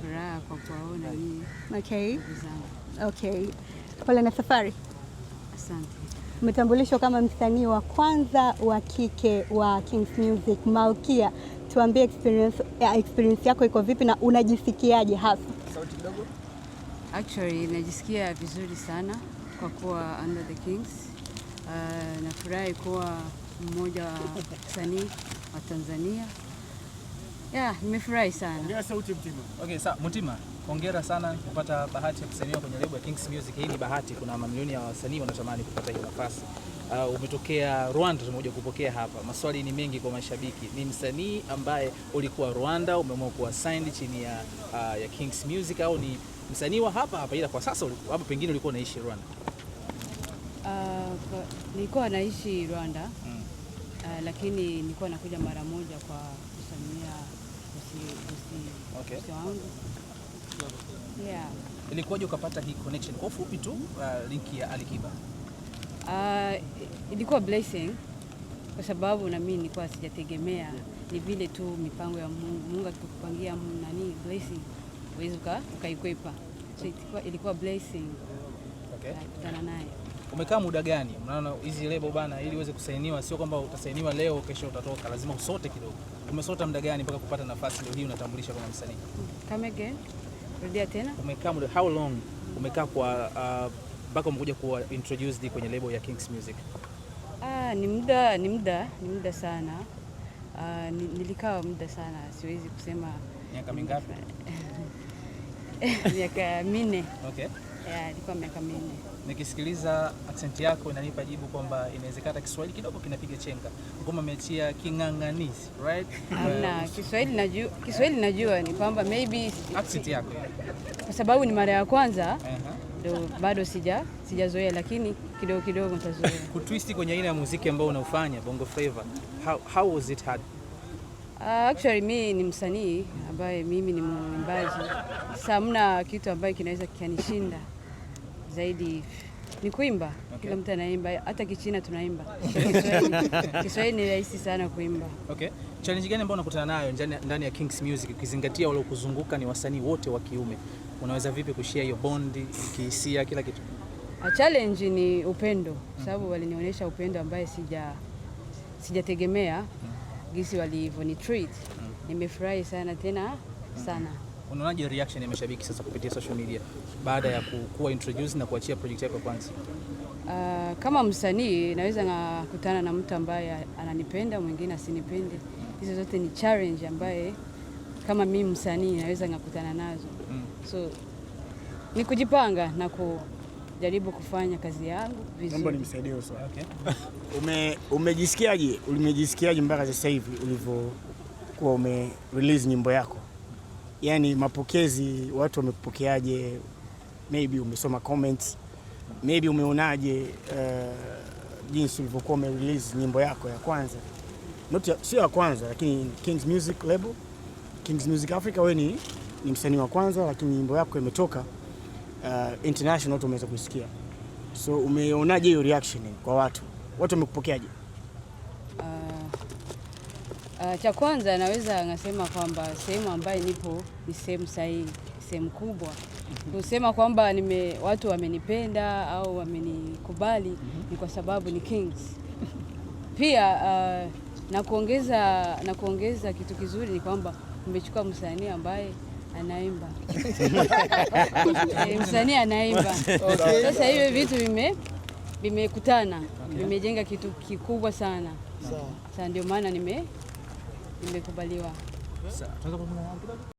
furaha kwa kuwaona nyinyi. Okay. Okay. Pole na safari. Asante. Umetambulishwa kama msanii wa kwanza wa kike wa Kings Music, Malkia. Tuambie experience, eh, experience yako iko vipi na unajisikiaje hasa? Sauti kidogo. Actually, najisikia vizuri sana kwa kuwa under the Kings. Uh, nafurahi kuwa mmoja wa msanii wa Tanzania Yeah, nimefurahi sana. Ongea sauti Mtima. Okay, sawa Mtima, hongera sana kupata bahati ya kusaidiwa kwenye lebo ya Kings Music. Hii ni bahati, kuna mamilioni ya wasanii wanatamani kupata hiyo nafasi. Uh, umetokea Rwanda, tumekuja kupokea hapa. Maswali ni mengi kwa mashabiki. Ni msanii ambaye ulikuwa Rwanda, umeamua kuwa signed chini ya, uh, ya Kings Music au ni msanii wa hapa hapa ila kwa sasa ulikuwa hapa, pengine ulikuwa unaishi Rwanda? Uh, nilikuwa naishi Rwanda. Mm. Uh, lakini nilikuwa nakuja mara moja kwa kusamia usi wangu. Yeah. Ilikuwaje ukapata hii connection? Kwa ufupi tu uh, linki ya Alikiba. Uh, ah, ilikuwa blessing kwa sababu na mimi nilikuwa sijategemea, ni vile tu mipango ya Mungu. Mungu akikupangia nani blessing uwezi ukaikwepa, so ilikuwa blessing. Okay. Kutana naye umekaa muda gani? Unaona hizi lebo bana, ili uweze kusainiwa, sio kwamba utasainiwa leo kesho utatoka, lazima usote kidogo. Umesota muda gani mpaka kupata nafasi leo hii unatambulisha kama msanii? Come again, rudia tena. Umekaa muda how long? Umekaa kwa uh, mpaka uh, umekuja kuwa introduced kwenye lebo ya Kings Music? Ah, ni muda ni muda ni muda sana. Uh, nilikaa muda sana, siwezi kusema. Miaka mingapi? Miaka minne. Okay. Ilikuwa miaka minne. Nikisikiliza accent yako inanipa jibu kwamba inawezekana Kiswahili kidogo kinapiga chenga, ngoma umetia king'ang'anizi, right? Na Kiswahili najua, Kiswahili najua ni kwamba maybe accent yako, kwa sababu ni mara ya kwanza ndo uh -huh. bado sija sijazoea, lakini kidogo kidogo nitazoea. Kutwist kwenye aina ya muziki ambao unaufanya Bongo Flava, how, how was it hard? Uh, ah, actually mi ni msanii ambaye mimi ni mwimbaji, sasa hamna kitu ambayo kinaweza kianishinda zaidi ni kuimba. Okay. Kila mtu anaimba, hata Kichina tunaimba. Kiswahili ni rahisi sana kuimba. Okay. Challenge gani ambayo unakutana nayo ndani ya Kings Music ukizingatia wale kuzunguka ni wasanii wote wa kiume, unaweza vipi kushia hiyo bondi kihisia, kila kitu? A challenge ni upendo, sababu walinionyesha upendo ambaye sija sijategemea gisi mm. walivyo ni treat mm. Nimefurahi sana tena sana. Unaonaje reaction ya mashabiki sasa kupitia social media baada ya kuwa introduce na kuachia project yako kwanza? Uh, kama msanii naweza kukutana na mtu ambaye ananipenda mwingine asinipende. Hizo zote ni challenge ambaye kama mimi msanii naweza ngakutana nazo mm. So ni kujipanga na kujaribu kufanya kazi yangu vizuri. Naomba nimsaidie uso. Okay. Ume, umejisikiaje? Umejisikiaje mpaka sasa hivi ulivyo unapokuwa ume release nyimbo yako, yani mapokezi, watu wamekupokeaje? Maybe umesoma comments, maybe umeonaje uh, jinsi ulivyokuwa ume release nyimbo yako ya kwanza, sio ya kwanza, lakini Kings Music label, Kings Music Africa, wewe ni, ni msanii wa kwanza, lakini nyimbo yako imetoka uh, international, watu wameweza kuisikia. So umeonaje hiyo reaction kwa watu, watu wamekupokeaje? Uh, cha kwanza naweza ngasema kwamba sehemu ambayo nipo ni sehemu sahihi, sehemu kubwa mhm. kusema kwamba nime watu wamenipenda au wamenikubali mhm. Ni kwa sababu ni Kings pia uh, na kuongeza na kuongeza kitu kizuri ni kwamba nimechukua msanii ambaye anaimba e, msanii anaimba okay. Sasa hivyo vitu vime vimekutana Vimejenga kitu kikubwa sana, so. Sasa ndio maana nime Hindi ko baliwa. Sa? Ano ko muna?